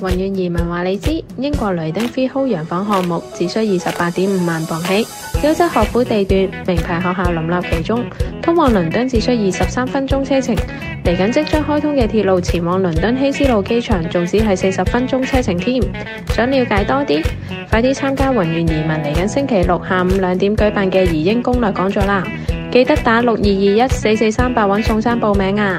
宏遠移民話你知，英國雷丁飛豪洋房項目只需二十八點五萬鎊起，優質學府地段，名牌學校林立其中，通往倫敦只需二十三分鐘車程，嚟緊即將開通嘅鐵路前往倫敦希斯路機場，仲只係四十分鐘車程添。想了解多啲，快啲參加宏遠移民嚟緊星期六下午兩點舉辦嘅移英攻略講座啦！記得打六二二一四四三八搵宋生報名啊！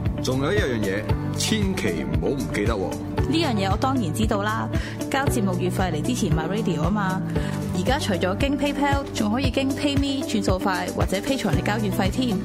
仲有一樣嘢，千祈唔好唔記得喎！呢樣嘢我當然知道啦，交節目月費嚟之前買 radio 啊嘛。而家除咗經 PayPal，仲可以經 PayMe 轉數快，或者 Patreon 嚟交月費添。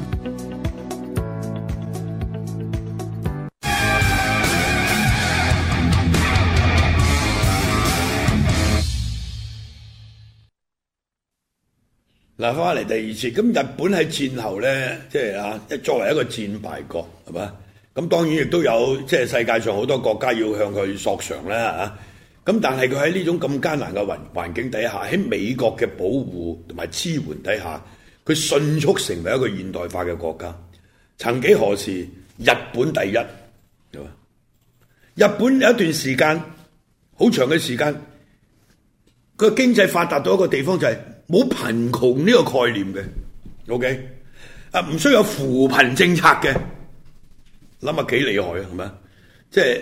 嗱，翻嚟第二次，咁日本喺戰後咧，即係啊，作為一個戰敗國，係咪咁當然亦都有，即係世界上好多國家要向佢索償啦嚇。咁但係佢喺呢種咁艱難嘅環環境底下，喺美國嘅保護同埋支援底下，佢迅速成為一個現代化嘅國家。曾幾何時，日本第一，日本有一段時間好長嘅時間，個經濟發達到一個地方就係冇貧窮呢個概念嘅。O K，啊唔需要有扶貧政策嘅。諗下幾厲害啊，係咪？即係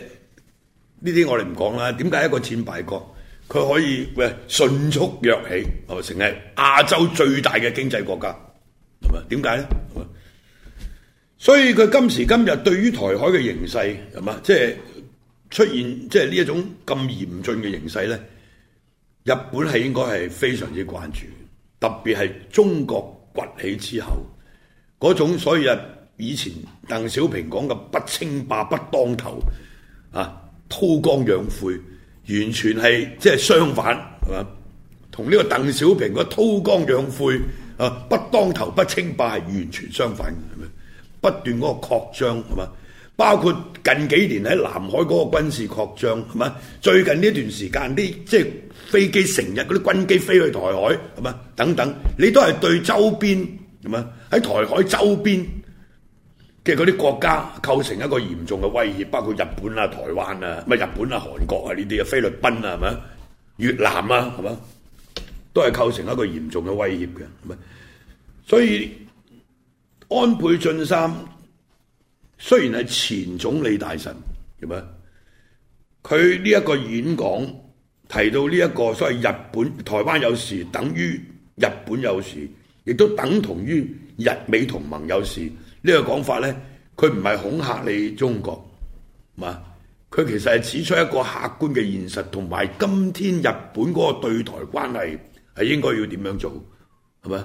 呢啲我哋唔講啦。點解一個戰敗國，佢可以喂迅速躍起，成為亞洲最大嘅經濟國家，係咪？點解咧？所以佢今時今日對於台海嘅形勢，係咪？即係出現即係呢一種咁嚴峻嘅形勢咧，日本係應該係非常之關注，特別係中國崛起之後嗰種，所以啊。以前鄧小平講嘅不稱霸，不當頭啊，韜光養晦，完全係即係相反，係嘛？同呢個鄧小平個韜光養晦啊，不當頭不稱霸係完全相反嘅，不斷嗰個擴張係嘛？包括近幾年喺南海嗰個軍事擴張係嘛？最近呢段時間啲即係飛機成日嗰啲軍機飛去台海係嘛？等等，你都係對周邊係嘛？喺台海周邊。其實嗰啲國家構成一個嚴重嘅威脅，包括日本啊、台灣啊、乜日本啊、韓國啊呢啲啊、菲律賓啊，係咪越南啊，係咪都係構成一個嚴重嘅威脅嘅。係咪？所以安倍晉三雖然係前總理大臣，知唔知啊？佢呢一個演講提到呢，這，一個所謂日本台灣有事，等於日本有事，亦都等同於日美同盟有事。呢個講法呢，佢唔係恐嚇你中國，嘛？佢其實係指出一個客觀嘅現實，同埋今天日本嗰個對台關係係應該要點樣做，係咪？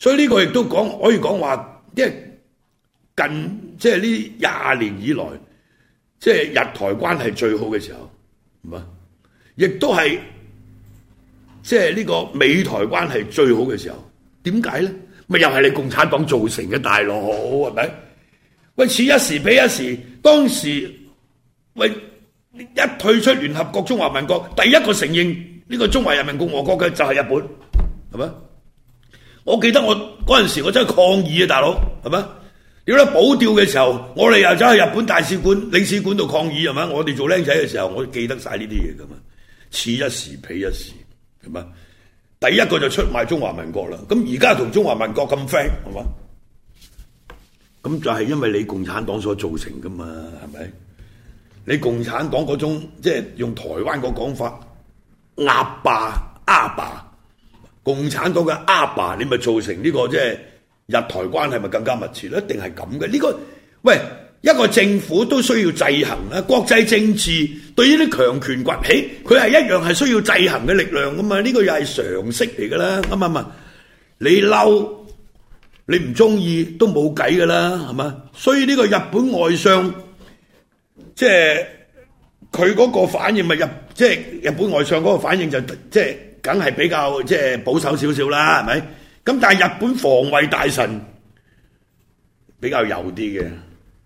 所以呢個亦都講可以講話，即近即係呢廿年以來，即係日台關係最好嘅時候，係嘛？亦都係即係呢個美台關係最好嘅時候，點解呢？咪又係你共產黨造成嘅大佬，係咪？喂，此一時彼一時，當時喂一退出聯合國中華民國，第一個承認呢個中華人民共和國嘅就係日本，係咪？我記得我嗰陣時我真係抗議啊，大佬，係咪？屌咧？保釣嘅時候，我哋又走去日本大使館、領事館度抗議，係咪？我哋做僆仔嘅時候，我記得晒呢啲嘢噶嘛。此一時彼一時，係咪？第一個就出賣中華民國啦，咁而家同中華民國咁 friend，係嘛？咁就係因為你共產黨所造成噶嘛，係咪？你共產黨嗰種即係用台灣個講法，阿爸阿爸，共產黨嘅阿爸，你咪造成呢個即係日台關係咪更加密切咯？一定係咁嘅？呢個喂？一個政府都需要制衡啦，國際政治對於啲強權崛起，佢係一樣係需要制衡嘅力量噶嘛？呢個又係常識嚟噶啦，啱唔啱？你嬲，你唔中意都冇計噶啦，係嘛？所以呢個日本外相，即係佢嗰個反應咪日，即係日本外相嗰個反應就即係梗係比較即係保守少少啦，係咪？咁但係日本防衛大臣比較有啲嘅。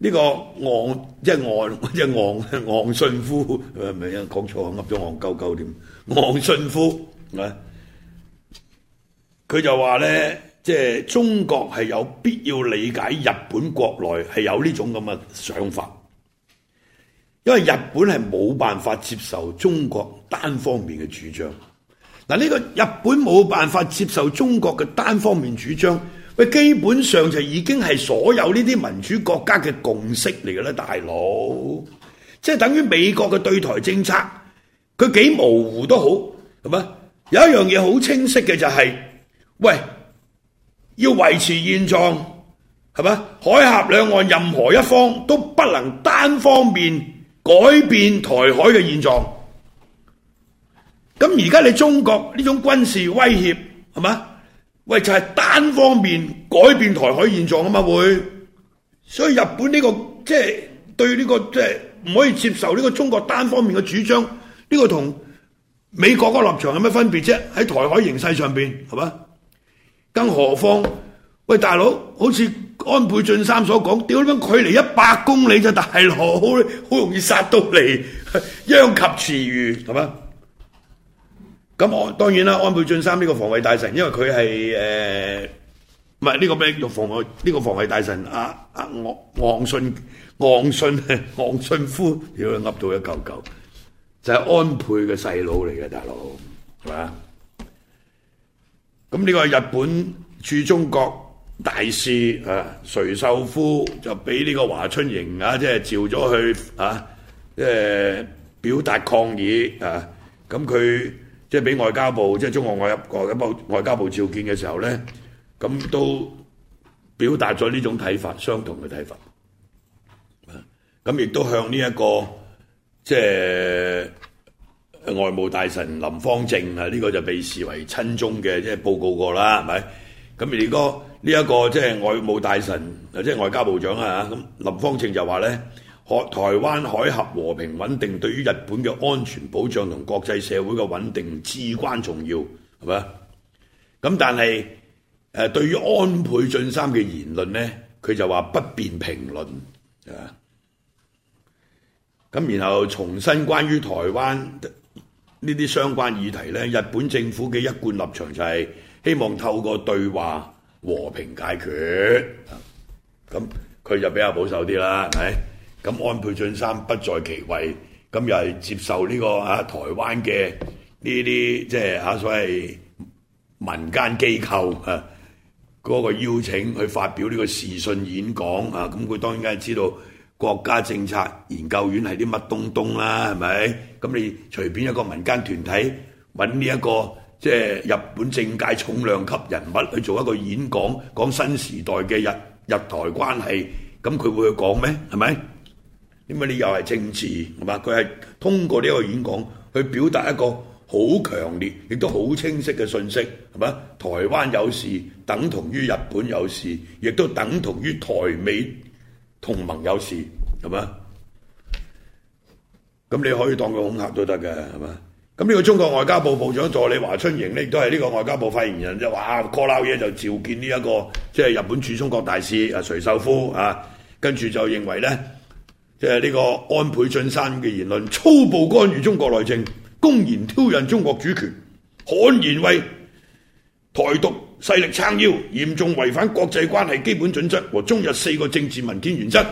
呢個昂即係昂，即係岸岸信夫，唔係講錯，噏咗昂鳩鳩點？岸信夫啊，佢就話咧，即係中國係有必要理解日本國內係有呢種咁嘅想法，因為日本係冇辦法接受中國單方面嘅主張。嗱，呢個日本冇辦法接受中國嘅單方面主張。佢基本上就已經係所有呢啲民主國家嘅共識嚟嘅啦，大佬，即係等於美國嘅對台政策，佢幾模糊都好，係嘛？有一樣嘢好清晰嘅就係，喂，要維持現狀，係嘛？海峽兩岸任何一方都不能單方面改變台海嘅現狀。咁而家你中國呢種軍事威脅，係嘛？喂，就係、是、單方面改變台海現狀啊嘛，會，所以日本呢、這個即係、就是、對呢、這個即係唔可以接受呢個中國單方面嘅主張，呢、這個同美國個立場有咩分別啫？喺台海形勢上邊，係嘛？更何況，喂，大佬，好似安倍晉三所講，屌你媽，距離一百公里就大佬，好容易殺到嚟殃及池魚，係嘛？咁我當然啦，安倍晉三呢個防衛大臣，因為佢係誒唔係呢個咩叫防衞呢、呢個防衛大臣啊啊！岸岸信岸信岸信夫屌佢噏到一嚿嚿，就係、係、安倍嘅細佬嚟嘅大佬，係嘛？咁呢個日本駐中國大使啊，垂秀夫就俾呢個華春瑩啊，即係召咗去啊即係、呃、表達抗議啊，咁佢。即係俾外交部，即係中國外交部外交部召見嘅時候咧，咁都表達咗呢種睇法，相同嘅睇法。咁亦都向呢一個即係外務大臣林芳正啊，呢個就被視為親中嘅，即係報告過啦，係咪？咁而嗰呢一個即係外務大臣，即係外交部長啊，咁林芳正就話咧。台灣海峽和平穩定對於日本嘅安全保障同國際社會嘅穩定至關重要，係咪？咁但係誒，對於安倍晉三嘅言論呢，佢就話不便評論，咁然後重申關於台灣呢啲相關議題呢，日本政府嘅一貫立場就係希望透過對話和平解決，咁佢就比較保守啲啦，係咪？咁安倍晉三不在其位，咁又係接受呢個啊台灣嘅呢啲即係啊所謂民間機構啊嗰個邀請去發表呢個視訊演講啊，咁佢當然梗係知道國家政策研究院係啲乜東東啦，係咪？咁你隨便一個民間團體揾呢一個即係日本政界重量級人物去做一個演講，講新時代嘅日日台關係，咁佢會去講咩？係咪？因為你又係政治係嘛？佢係通過呢一個演講去表達一個好強烈亦都好清晰嘅訊息係嘛？台灣有事等同於日本有事，亦都等同於台美同盟有事係嘛？咁你可以當佢恐嚇都得嘅係嘛？咁呢個中國外交部部長助理華春瑩呢，亦都係呢個外交部發言人啫，話個撈嘢就召見呢、這、一個即係、就是、日本駐中國大使啊垂秀夫啊，跟住就認為呢。即係呢個安倍晉三嘅言論粗暴干預中國內政，公然挑釁中國主權，悍然為台獨勢力撐腰，嚴重違反國際關係基本準則和中日四個政治文件原則。咁、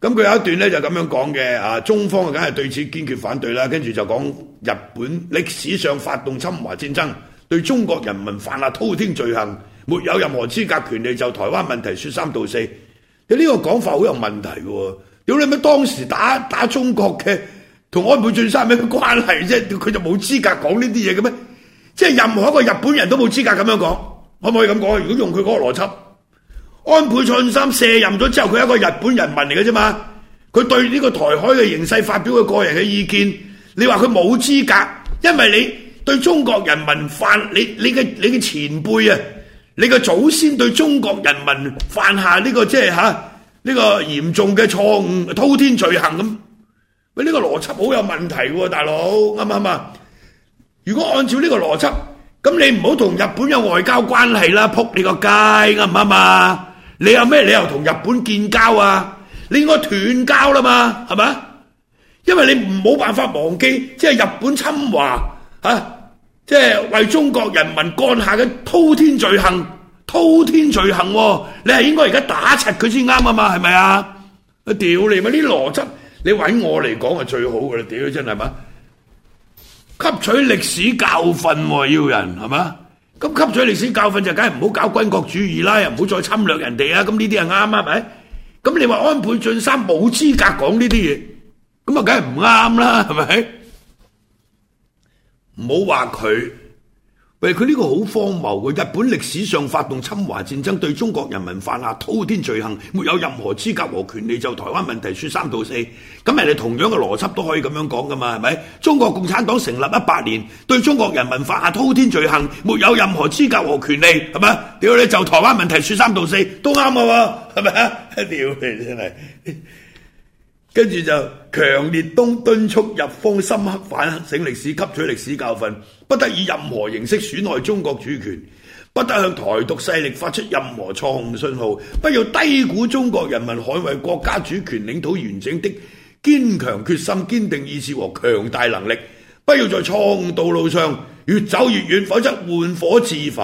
嗯、佢有一段咧就咁、是、樣講嘅啊，中方梗係對此堅決反對啦。跟住就講日本歷史上發動侵華戰爭，對中國人民犯下滔天罪行，沒有任何資格權利就台灣問題說三道四。你呢個講法好有問題喎！屌你咩？當時打打中國嘅同安倍晉三有咩關係啫？佢就冇資格講呢啲嘢嘅咩？即係任何一個日本人都冇資格咁樣講。可唔可以咁講？如果用佢嗰個邏輯，安倍晉三卸任咗之後，佢係一個日本人民嚟嘅啫嘛。佢對呢個台海嘅形勢發表佢個人嘅意見，你話佢冇資格，因為你對中國人民犯你你嘅你嘅前輩啊！你個祖先對中國人民犯下呢、呢個即係吓呢個嚴重嘅錯誤、滔天罪行咁，喂、呢、呢個邏輯好有問題喎，大佬，啱唔啱啊？如果按照呢個邏輯，咁你唔好同日本有外交關係啦，撲你個街啱唔啱嘛？你有咩理由同日本建交啊？你應該斷交啦嘛，係咪？因為你唔冇辦法忘記，即係日本侵華吓、啊即係為中國人民幹下嘅滔天罪行，滔天罪行，你係應該而家打柒佢先啱啊嘛？係咪啊？啊，屌你咪啲邏輯，你搵我嚟講係最好噶啦，屌真係嘛？吸取歷史教訓，要人係嘛？咁吸取歷史教訓就梗係唔好搞軍國主義啦，又唔好再侵略人哋啦！咁呢啲係啱啊？咪？咁你話安倍晉三冇資格講呢啲嘢，咁啊梗係唔啱啦，係咪？唔好話佢，喂，佢呢個好荒謬嘅。日本歷史上發動侵華戰爭，對中國人民犯下滔天罪行，沒有任何資格和權利就台灣問題說三道四。咁人哋同樣嘅邏輯都可以咁樣講噶嘛，係咪？中國共產黨成立一百年，對中國人民犯下滔天罪行，沒有任何資格和權利，係咪？屌你，就台灣問題說三道四都啱嘅嘛？係咪啊？屌你真係！跟住就強烈敦敦促日方深刻反省歷史，吸取歷史教訓，不得以任何形式損害中國主權，不得向台獨勢力發出任何錯誤信號，不要低估中國人民捍衛國家主權、領土完整的堅強決心、堅定意志和強大能力，不要在錯誤道路上越走越遠，否則玩火自焚。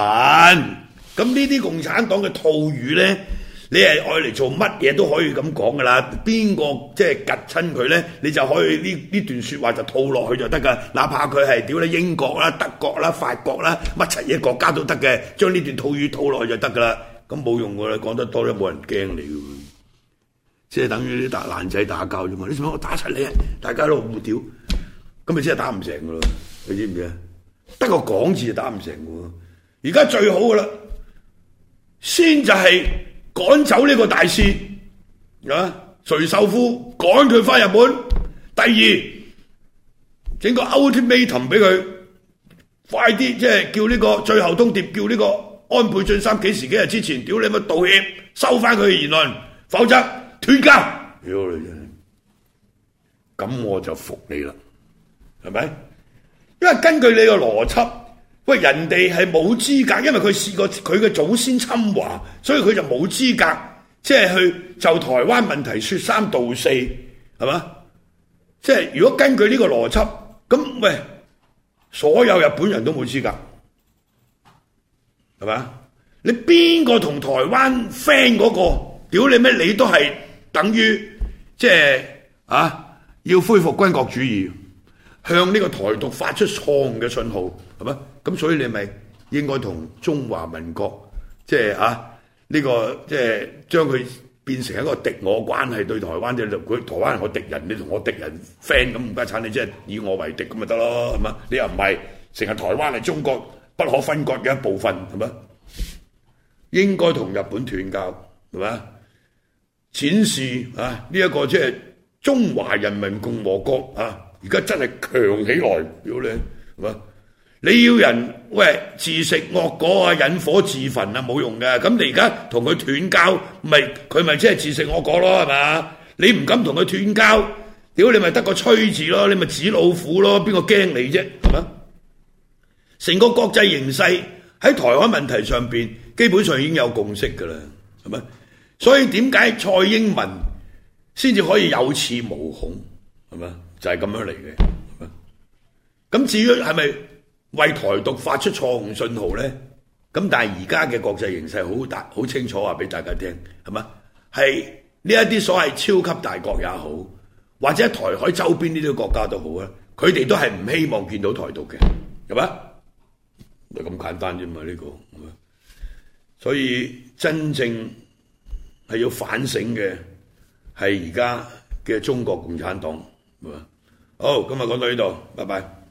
咁呢啲共產黨嘅套語呢？你係愛嚟做乜嘢都可以咁講噶啦，邊個即係夾親佢咧？你就可以呢呢段說話就套落去就得噶，哪怕佢係屌你英國啦、德國啦、法國啦，乜柒嘢國家都得嘅，將呢段套語套落去就得噶啦。咁冇用㗎啦，講得多都冇人驚你，即係等於啲大爛仔打交啫嘛。你想我打柒你，大家都好屌，咁咪真係打唔成噶咯？你知唔知啊？得個講字就打唔成喎。而家最好噶啦，先就係。趕走呢個大使啊！徐壽夫趕佢翻日本。第二，整個 ultimatum 俾佢，快啲即係叫呢個最後通牒，叫呢個安倍晉三幾時幾日之前屌你媽道歉，收翻佢嘅言論，否則斷交。屌你！咁我就服你啦，係咪？因為根據你個邏輯。喂，人哋係冇資格，因為佢試過佢嘅祖先侵華，所以佢就冇資格，即係去就台灣問題說三道四，係嘛？即係如果根據呢個邏輯，咁喂，所有日本人都冇資格，係嘛？你邊個同台灣 friend 嗰個屌你咩？你都係等於即係啊，要恢復軍國主義。向呢個台獨發出錯誤嘅信號，係咪？咁所以你咪應該同中華民國，即係啊呢個即係將佢變成一個敵我關係對台灣嘅，佢台灣係我敵人，你同我敵人 friend 咁唔該慘，你即係以我為敵咁咪得咯，係咪？你又唔係成日台灣係中國不可分割嘅一部分，係咪？應該同日本斷交，係咪？展示啊呢一個即係中華人民共和國啊！而家真係強起來，屌你，係咪？你要人喂自食惡果啊，引火自焚啊，冇用嘅。咁你而家同佢斷交，咪佢咪即係自食惡果咯，係嘛？你唔敢同佢斷交，屌你咪得個吹字咯，你咪紙老虎咯，邊個驚你啫？係嘛？成個國際形勢喺台海問題上邊，基本上已經有共識嘅啦，係咪？所以點解蔡英文先至可以有恃無恐，係咪？就係咁樣嚟嘅，咁至於係咪為台獨發出錯誤信號咧？咁但係而家嘅國際形勢好大，好清楚話俾大家聽，係嘛？係呢一啲所謂超級大國也好，或者台海周邊呢啲國家都好啊，佢哋都係唔希望見到台獨嘅，係咪？唔係咁簡單啫嘛，呢個，所以真正係要反省嘅係而家嘅中國共產黨。好，今日講到呢度，拜拜。